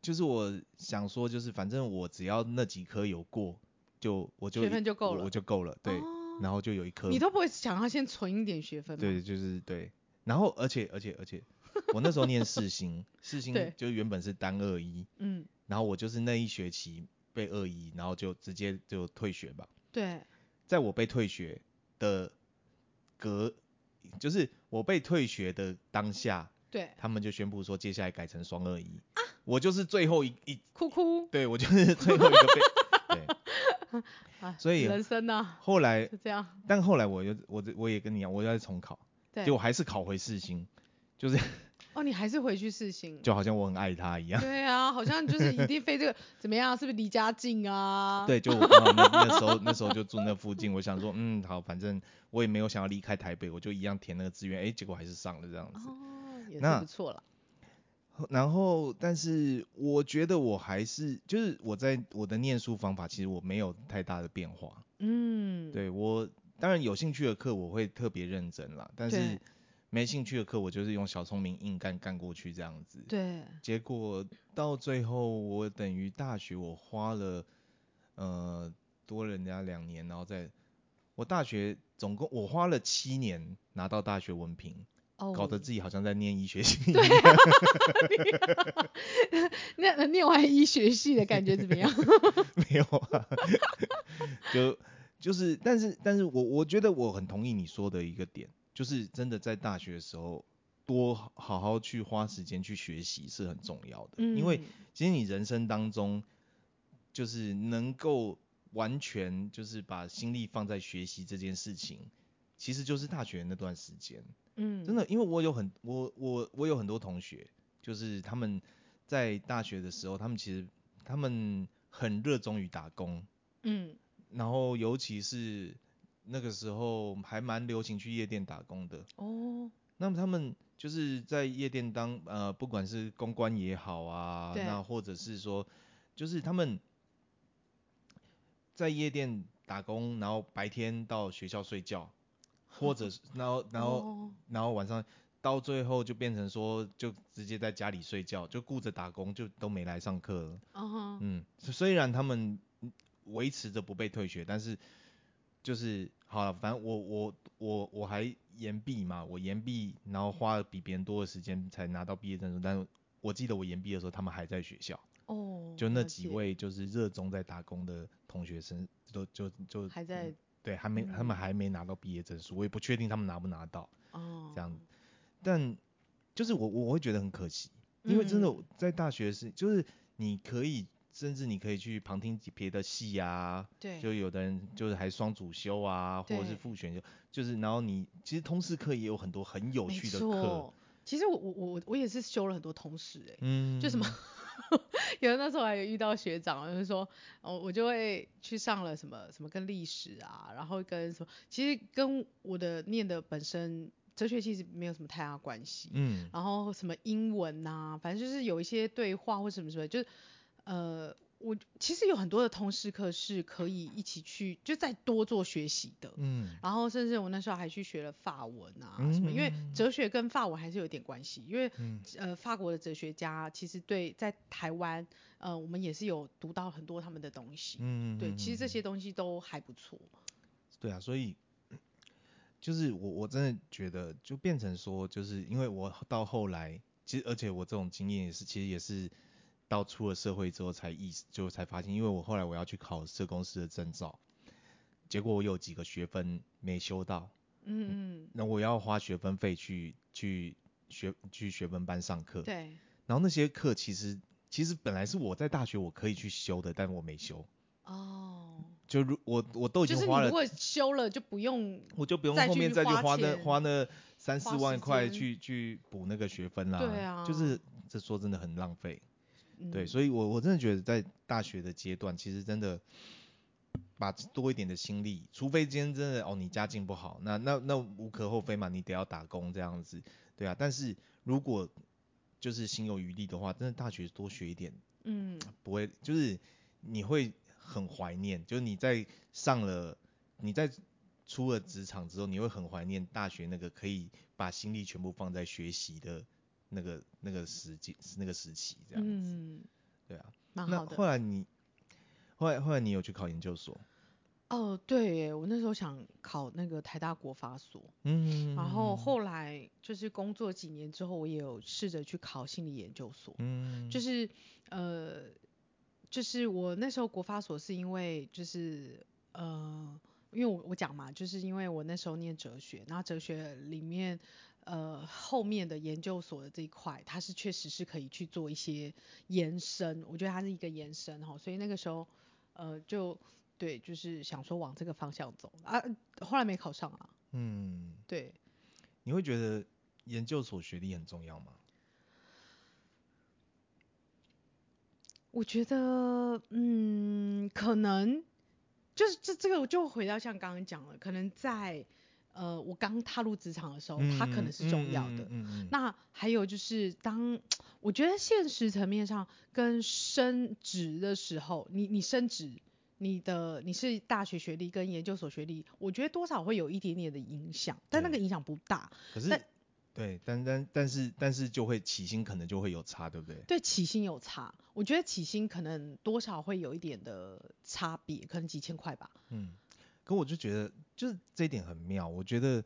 就是我想說，就是反正我只要那幾科有過，就我就學分就夠了，我就夠了，對、哦，然後就有一科你都不會想要先存一點學分嗎？對，就是對，然後而且而且而且 我那時候念四星，四星就原本是單二一，嗯，然後我就是那一學期被二一，然後就直接就退學吧，對，在我被退學的。隔就是我被退學的當下，對，他們就宣布說，接下來改成雙二一，啊，我就是最後一一哭哭，對我就是最後一個被， 對，啊，所以人生呢，後來是這樣，但後來我又我我，我也跟你一樣，我又要重考，對，結果還是考回四星，就是呵呵。哦，你還是回去試行，就好像我很愛他一樣。對啊，好像就是一定非這個 怎麼樣，是不是離家近啊？對，就我剛好那, 那時候那時候就住那附近， 我想說，嗯，好，反正我也沒有想要離開台北，我就一樣填那個志願，哎、欸，結果還是上了這樣子。哦，也不錯了。然後，但是我覺得我還是就是我在我的唸書方法，其實我沒有太大的變化。嗯，對，我當然有興趣的課我會特別認真啦，但是。沒興趣的課，我就是用小聰明硬幹幹過去這樣子。對。結果到最後，我等於大學我花了呃多了人家兩年，然後再我大學總共我花了七年拿到大學文憑，哦，搞得自己好像在念醫學系。對啊，你啊 那，那念完醫學系的感覺怎麼樣？ 沒有啊，就就是，但是但是我，我我覺得我很同意你說的一個點。就是真的在大學的時候，多好好去花時間去學習是很重要的，嗯，因為其實你人生當中，就是能夠完全就是把心力放在學習這件事情，其實就是大學那段時間。嗯，真的，因為我有很我我我有很多同學，就是他們在大學的時候，他們其實他們很熱衷於打工。嗯，然後尤其是。那個時候還蠻流行去夜店打工的。哦。Oh. 那麼他們就是在夜店當呃，不管是公關也好啊，那或者是說，就是他們在夜店打工，然後白天到學校睡覺，Oh. 或者然後然後然後晚上，Oh. 到最後就變成說就直接在家裡睡覺，就顧着打工就都沒來上課了。啊哈。嗯，雖然他們維持着不被退學，但是就是。好，反正我我我我還延畢嘛，我延畢，然後花了比別人多的時間才拿到畢業證書。但是我記得我延畢的時候，他們還在學校，哦、就那幾位就是熱衷在打工的同學生，都就就，就還在、嗯，對，還沒他們還沒拿到畢業證書，我也不確定他們拿不拿到。哦，這樣，但就是我我會覺得很可惜，因為真的、嗯、在大學是就是你可以。甚至你可以去旁聽別的系啊，對，就有的人就是還雙主修啊，或者是副選修，就是然後你其實通識課也有很多很有趣的課。沒錯，其實我我我我也是修了很多通識誒、欸。嗯，就什麼， 有的那時候還有遇到學長，就是說，哦，我就會去上了什麼什麼跟歷史啊，然後跟什麼，其實跟我的念的本身哲學其實沒有什麼太大關係，嗯，然後什麼英文啊，反正就是有一些對話或什麼什麼，就是。呃，我其實有很多的通識課是可以一起去，就再多做學習的。嗯，然後甚至我那時候還去學了法文啊、嗯、嗯、什麼，因為哲學跟法文還是有點關係，因為、嗯、呃法國的哲學家其實對在台灣，呃我們也是有讀到很多他們的東西。嗯、嗯、嗯、嗯，對，其實這些東西都還不錯。對啊，所以就是我我真的覺得就變成說，就是因為我到後來，其實而且我這種經驗也是，其實也是。到出了社會之後才意識，就才發現，因為我後來我要去考社工師的證照，結果我有幾個學分沒修到，嗯嗯，嗯，那我要花學分費去去學去學分班上課，對，然後那些課其實其實本來是我在大學我可以去修的，但我沒修，哦，就如我我都已經花了，就是、你如果修了就不用去去，我就不用後面再去花那花那三四萬塊去去，去補那個學分啦，啊啊，就是這說真的很浪費。對，所以我我真的覺得在大學的階段，其實真的把多一點的心力，除非今天真的哦，你家境不好，那那那無可厚非嘛，你得要打工這樣子，對啊。但是如果就是心有餘力的話，真的大學多學一點，嗯，不會就是你會很懷念，就是你在上了你在出了職場之後，你會很懷念大學那個可以把心力全部放在學習的那個那個時期那個時期這樣子，嗯、對啊。蠻好的。那後來你，後來後來你有去考研究所？哦、呃，對耶，我那時候想考那個台大國發所。嗯，然後後來就是工作幾年之後，我也有試着去考心理研究所。嗯，就是呃，就是我那時候國發所是因為就是呃，因為我我講嘛，就是因為我那時候念哲學，然後哲學裡面。呃，後面的研究所的這一塊，它是確實是可以去做一些延伸，我覺得它是一個延伸哈，所以那個時候，呃，就對，就是想說往這個方向走啊，後來沒考上啊。嗯，對。你會覺得研究所學歷很重要嗎？我覺得，嗯，可能，就是這這個我就回到像剛剛講的，可能在。呃，我剛踏入職場的時候，它、嗯、可能是重要的。嗯嗯嗯嗯、那還有就是，當我覺得現實層面上跟升職的時候你，你你升職，你的你是大學學歷跟研究所學歷，我覺得多少會有一點點的影響，但那個影響不大。可是，對，但但但是但是就會起薪可能就會有差，對不對？對，起薪有差，我覺得起薪可能多少會有一點的差別，可能幾千塊吧。嗯。可我就覺得就是這一點很妙，我覺得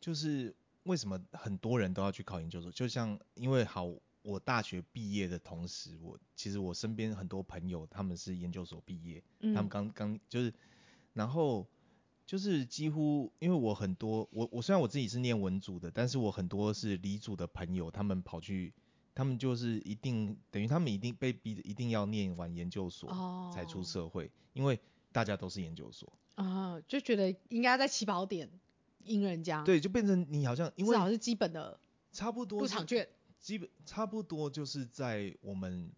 就是為什麼很多人都要去考研究所，就像因為好，我大學畢業的同時，我其實我身邊很多朋友他們是研究所畢業、嗯，他們剛剛就是，然後就是幾乎，因為我很多我我雖然我自己是念文組的，但是我很多是理組的朋友，他們跑去，他們就是一定等於他們一定被逼的一定要念完研究所才出社會，哦、因為。大家都是研究所啊，就覺得應該在起跑點贏人家。對，就變成你好像因為好像是，至少是基本的差不多入場券。基本差不多就是在我們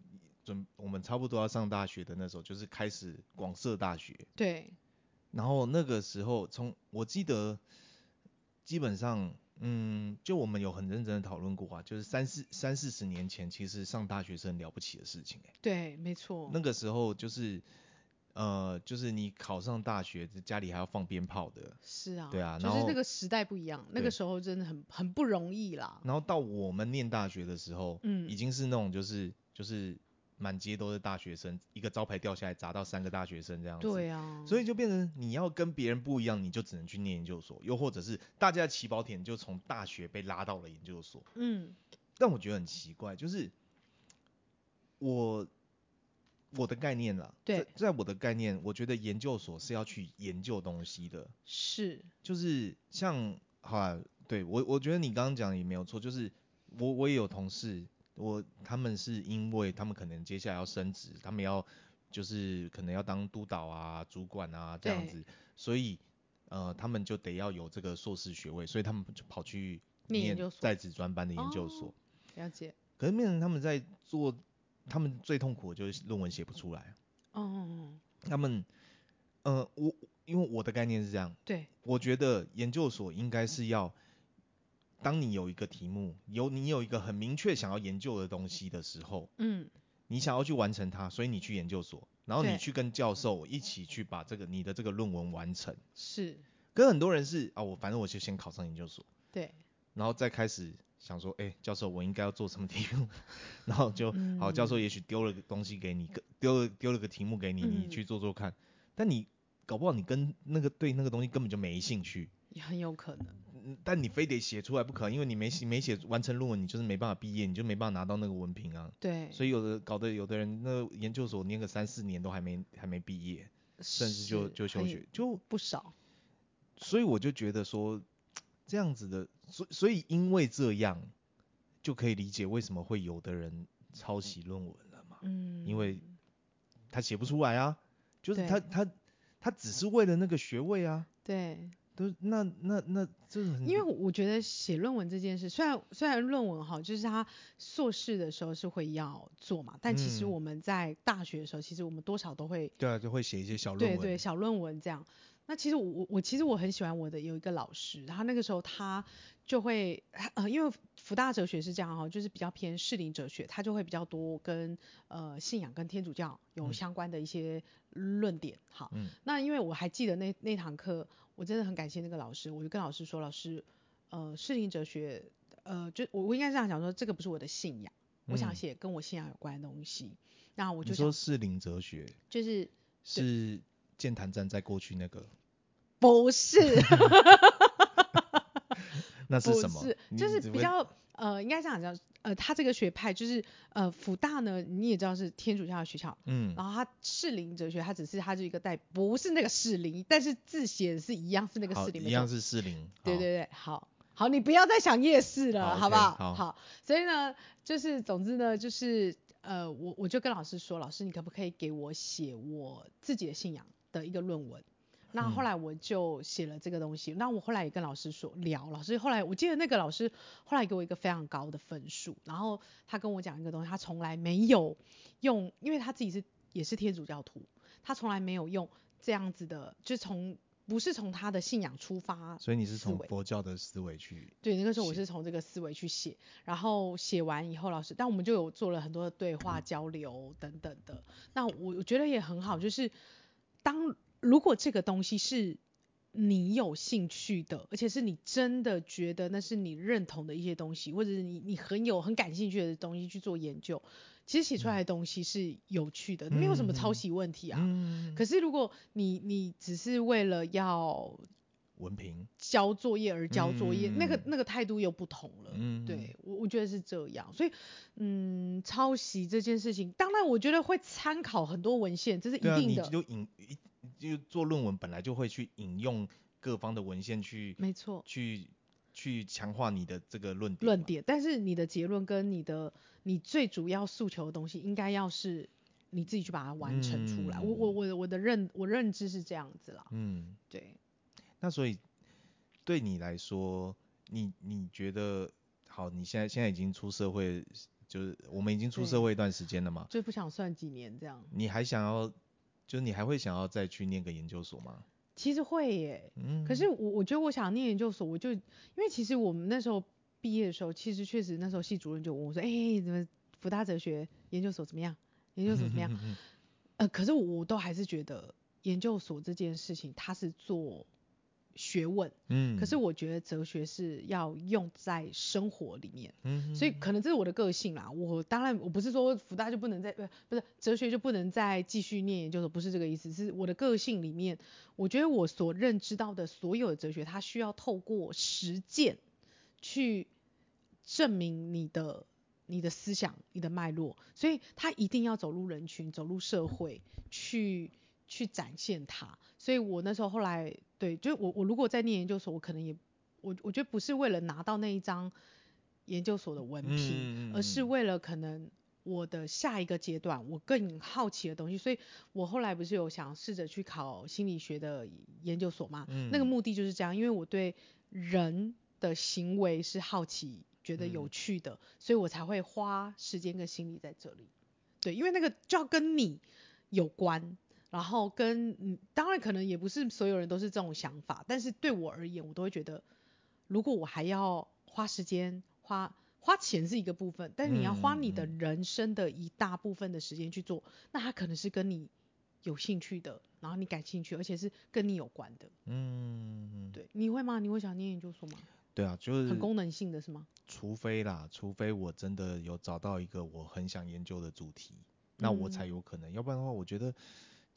準我們差不多要上大學的那時候，就是開始廣設大學。對。然後那個時候，從我記得基本上，嗯，就我們有很認真的討論過啊，就是三四三四十年前，其實上大學是很了不起的事情，欸，哎。對，沒錯。那個時候就是。呃，就是你考上大學，家裡還要放鞭炮的。是啊。對啊，然後就是這個時代不一樣，那個時候真的很很不容易啦。然後到我們念大學的時候，嗯，已經是那種就是就是滿街都是大學生，一個招牌掉下來砸到三個大學生這樣子。對啊。所以就變成你要跟別人不一樣，你就只能去念研究所，又或者是大家的起跑點就從大學被拉到了研究所。嗯。但我覺得很奇怪，就是我。我的概念了，在在我的概念，我覺得研究所是要去研究東西的。是。就是像，好吧，對我我覺得你剛剛講的也沒有錯，就是我我也有同事，我他們是因為他們可能接下來要升職，他們要就是可能要當督導啊、主管啊這樣子，所以呃他們就得要有這個碩士學位，所以他們就跑去念在職專班的研究所。究所 oh, 了解。可是面臨他們在做。他們最痛苦的就是論文寫不出來。哦哦哦。他們，呃，我因為我的概念是這樣。對。我覺得研究所應該是要，當你有一個題目，有你有一個很明確想要研究的東西的時候，嗯。你想要去完成它，所以你去研究所，然後你去跟教授一起去把這個你的這個論文完成。是。跟很多人是啊，我反正我就先考上研究所。對。然後再開始。想說，哎、欸，教授，我應該要做什麼題目？ 然後就、嗯、好，教授也許丟了個東西給你，丟了丟了個題目給你，你去做做看。嗯、但你搞不好你跟那個對那個東西根本就沒興趣，也很有可能。但你非得寫出來不可，因為你沒寫沒寫完成論文，你就是沒辦法畢業，你就沒辦法拿到那個文憑啊。對。所以有的搞得有的人那研究所念個三四年都還沒還沒畢業，甚至就就休學就不少就。所以我就覺得說這樣子的。所所以，所以因為這樣，就可以理解為什麼會有的人抄襲論文了嘛？嗯，因為他寫不出來啊，嗯、就是他他他只是為了那個學位啊。對。都那那那，那就是很……因為我覺得寫論文這件事，雖然雖然論文哈，就是他碩士的時候是會要做嘛，但其實我們在大學的時候，嗯、其實我們多少都會對啊，就會寫一些小論文。對對，對，小論文這樣。那其實我我我其實我很喜歡我的有一個老師，他那個時候他。就會呃，因為福大哲學是這樣哈、哦，就是比較偏士林哲學，它就會比較多跟呃信仰跟天主教有相關的一些論點、嗯、好、嗯，那因為我還記得那那堂課，我真的很感謝那個老師，我就跟老師說，老師呃士林哲學呃就我我應該是這樣想講說，這個不是我的信仰，嗯、我想寫跟我信仰有關的東西。那我就說士林哲學就是是建壇站在過去那個不是。 那是什麼不是，就是比較，呃，應該這樣講，呃，他這個學派就是，呃，輔大呢，你也知道是天主教的學校，嗯，然後他士林哲學，他只是，他就一個代，不是那個士林，但是字寫是一樣，是那個士林的一樣是士林，對對對，好，好，你不要再想夜市了，好，好不好，好？好，所以呢，就是總之呢，就是，呃，我我就跟老師說，老師你可不可以給我寫我自己的信仰的一個論文？那後來我就寫了這個東西，嗯，那我後來也跟老師說聊，老師後來我記得那個老師後來給我一個非常高的分數，然後他跟我講一個東西，他從來沒有用，因為他自己是也是天主教徒，他從來沒有用這樣子的，就從不是從他的信仰出發，所以你是從佛教的思維去，對，那個時候我是從這個思維去寫，然後寫完以後老師，但我們就有做了很多的對話交流等等的，那我我覺得也很好，就是當。如果這個東西是你有興趣的，而且是你真的覺得那是你認同的一些東西，或者是你你很有很感興趣的東西去做研究，其實寫出來的東西是有趣的，嗯。沒有什麼抄襲問題啊。嗯。可是如果你你只是為了要文憑交作業而交作業，那個那個態度又不同了。嗯。對，我我覺得是這樣，所以嗯，抄襲這件事情，當然我覺得會參考很多文獻，這是一定的。對，你就引。就做論文本來就會去引用各方的文獻去，沒錯，去去強化你的這個論點。論點，但是你的結論跟你的你最主要訴求的東西，應該要是你自己去把它完成出來。嗯、我我我我的認我認知是這樣子啦。嗯，對。那所以對你來說，你你覺得好？你現在現在已經出社會，就是我們已經出社會一段時間了嘛？就不想算幾年這樣。你還想要？就是你還會想要再去念個研究所嗎？其實會耶，欸，嗯，可是我我覺得我想念研究所，我就因為其實我們那時候畢業的時候，其實確實那時候系主任就問我說，哎，欸，怎，欸，麼福大哲學研究所怎麼樣？研究所怎麼樣？ 呃，可是我，我都還是覺得研究所這件事情，它是做。學問，嗯，可是我覺得哲學是要用在生活裡面，嗯，所以可能這是我的個性啦。我當然我不是說福大就不能再，不是哲學就不能再繼續念，就是不是這個意思，是我的個性裡面，我覺得我所認知到的所有的哲學，它需要透過實踐去證明你的你的思想你的脈絡，所以它一定要走入人群，走入社會去去展現它。所以我那時候後來。對，就我我如果在念研究所，我可能也我我覺得不是為了拿到那一張研究所的文憑、嗯嗯，而是為了可能我的下一個階段我更好奇的東西。所以我後來不是有想試着去考心理學的研究所嘛、嗯？那個目的就是這樣，因為我對人的行為是好奇、覺得有趣的，嗯、所以我才會花時間跟心理在這裡。對，因為那個就要跟你有關。然後跟嗯，當然可能也不是所有人都是這種想法，但是對我而言，我都會覺得，如果我還要花時間花花錢是一個部分，但你要花你的人生的一大部分的時間去做，嗯嗯、那它可能是跟你有興趣的，然後你感興趣，而且是跟你有關的。嗯嗯。對，你會嗎？你會想念研究所嗎？對啊，就是很功能性的，是嗎？除非啦，除非我真的有找到一個我很想研究的主題，嗯、那我才有可能，要不然的話，我覺得。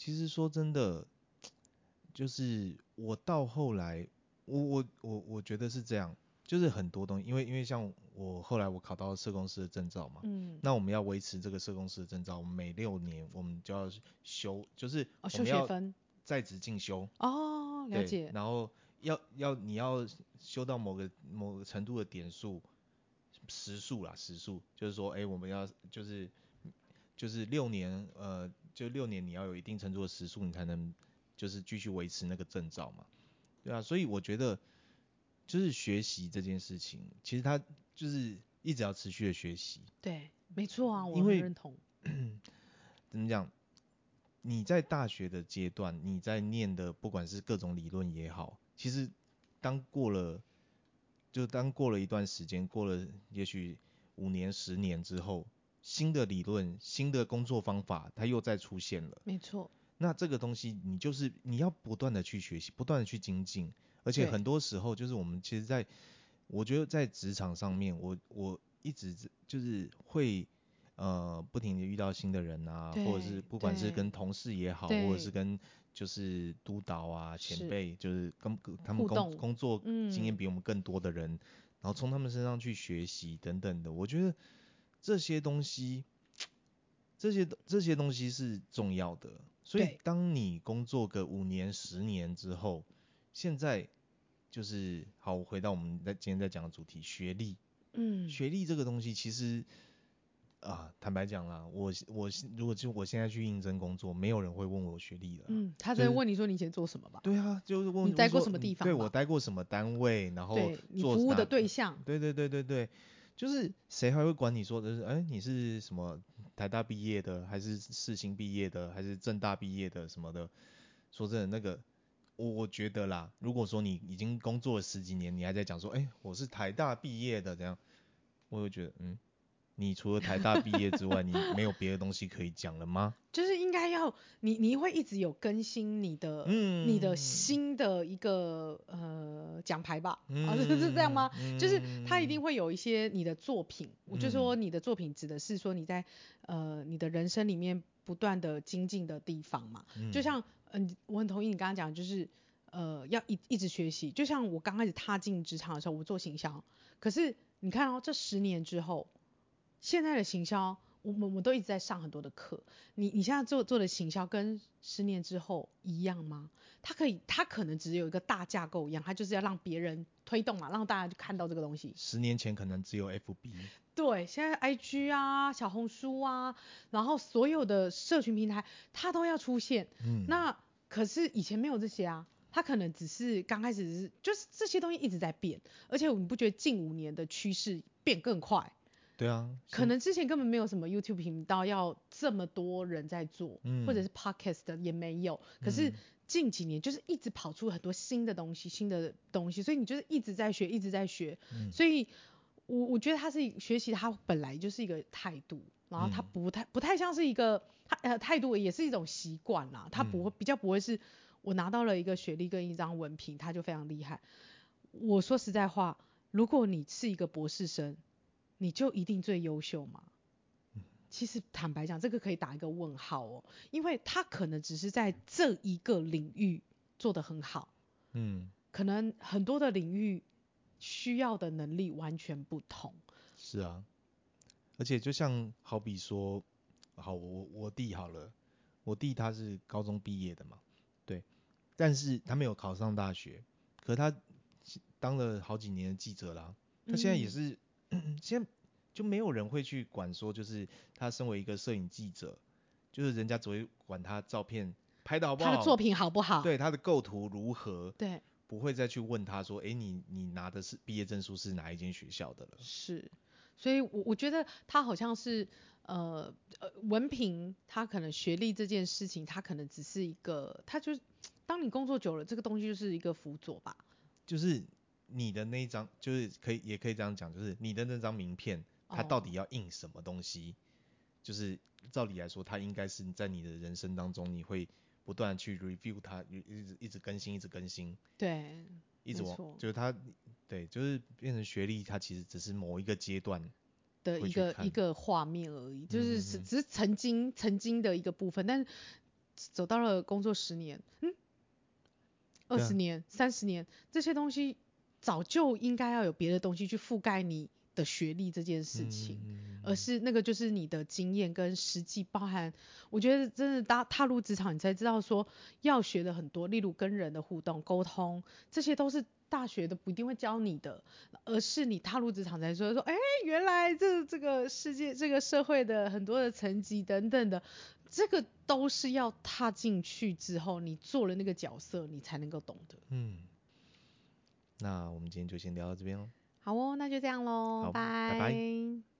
其實說真的，就是我到後來，我我我我覺得是這樣，就是很多東西，因為因為像我後來我考到社公司的證照嘛、嗯，那我們要維持這個社公司的證照，我們每六年我們就要修，就是我們要哦，修學分，在職進修哦，了解，然後要要你要修到某個某個程度的點數，時數啦時數就是說哎、欸、我們要就是就是六年呃。就六年，你要有一定程度的時數，你才能就是繼續維持那個證照嘛，對啊，所以我覺得就是學習這件事情，其實它就是一直要持續的學習。對，沒錯啊，我很認同。怎麼講？你在大學的階段，你在念的不管是各種理論也好，其實當過了，就當過了一段時間，過了也許五年、十年之後。新的理論、新的工作方法，它又再出現了。沒錯。那這個東西，你就是你要不斷的去學習，不斷的去精進。而且很多時候，就是我們其實在，在我覺得在職場上面，我我一直就是會呃不停的遇到新的人啊，或者是不管是跟同事也好，或者是跟就是督導啊、前輩，就是跟是他們工工作經驗比我們更多的人，嗯、然後從他們身上去學習等等的，我覺得。這些東西，這些這些東西是重要的。所以當你工作個五年、十年之後，現在就是好，我回到我們在今天在講的主題，學歷。嗯。學歷這個東西，其實啊，坦白講啦，我我如果就我現在去應徵工作，沒有人會問我學歷的、啊。嗯。他只會問你說你以前做什麼吧？就是、對啊，就是問你待過什麼地方，對，我待過什麼單位，然後做你服務的對象、嗯。對對對對對。就是誰還會管你說的是哎、欸、你是什麼台大畢業的還是世新畢業的還是政大畢業的什麼的？說真的那個，我覺得啦，如果說你已經工作了十幾年，你還在講說哎、欸、我是台大畢業的怎樣，我會覺得嗯。你除了台大畢業之外， 你沒有別的東西可以講了嗎？就是應該要你，你會一直有更新你的，嗯、你的新的一個呃獎牌吧？嗯、啊、就是這樣嗎、嗯？就是他一定會有一些你的作品。我、嗯、就是、說你的作品指的是說你在呃你的人生裡面不斷的精進的地方嘛。嗯、就像嗯、呃、我很同意你剛剛講，就是呃要一一直學習。就像我剛開始踏進職場的時候，我做行銷，可是你看哦，這十年之後。現在的行銷，我們我我都一直在上很多的課。你你現在做做的行銷跟十年之後一樣嗎？它可以，它可能只有一個大架構一樣，它就是要讓別人推動嘛，讓大家就看到這個東西。十年前可能只有 F B。對，現在 I G 啊，小紅書啊，然後所有的社群平台，它都要出現。嗯。那可是以前沒有這些啊，它可能只是剛開始是，是就是這些東西一直在變，而且我們不覺得近五年的趨勢變更快。對啊，可能之前根本沒有什麼 YouTube 頻道要這麼多人在做，嗯、或者是 Podcast 的也沒有、嗯。可是近幾年就是一直跑出很多新的東西，新的東西，所以你就是一直在學，一直在學。嗯、所以我，我我覺得他是學習，他本來就是一個態度，然後他不太不太像是一個他呃態度，也是一種習慣啦。他不會、嗯、比較不會是我拿到了一個學歷跟一張文憑，他就非常厲害。我說實在話，如果你是一個博士生。你就一定最優秀嗎？嗯，其實坦白講，這個可以打一個問號哦，因為他可能只是在這一個領域做得很好，嗯，可能很多的領域需要的能力完全不同。是啊，而且就像好比說，好，我，我弟好了，我弟他是高中畢業的嘛，對，但是他沒有考上大學，可是他當了好幾年的記者啦，他現在也是。嗯。現在就沒有人會去管說，就是他身為一個攝影記者，就是人家只會管他照片拍得好不好，他的作品好不好，對，他的構圖如何，對，不會再去問他說，哎、欸，你你拿的是畢業證書是哪一間學校的了。是，所以我我覺得他好像是呃呃文憑，他可能學歷這件事情，他可能只是一個，他就是當你工作久了，這個東西就是一個輔佐吧。就是。你的那張就是可以，也可以這樣講，就是你的那張名片，它到底要印什麼東西？Oh. 就是照理來說，它應該是在你的人生當中，你會不斷去 review 它，一直一直更新，一直更新。對，一直往，就是它，對，就是變成學歷，它其實只是某一個階段的一個一個畫面而已，就是只只是曾經嗯嗯曾經的一個部分，但是走到了工作十年，嗯，二十年、嗯、三十年這些東西。早就應該要有別的東西去覆蓋你的學歷這件事情，而是那個就是你的經驗跟實際包含。我覺得真的，大踏入職場你才知道說要學的很多，例如跟人的互動、溝通，這些都是大學的不一定會教你的，而是你踏入職場才說說、哎，原來這這個世界、這個社會的很多的層級等等的，這個都是要踏進去之後，你做了那個角色，你才能夠懂得。嗯。那我們今天就先聊到這邊嘍。好哦，那就這樣嘍，拜拜。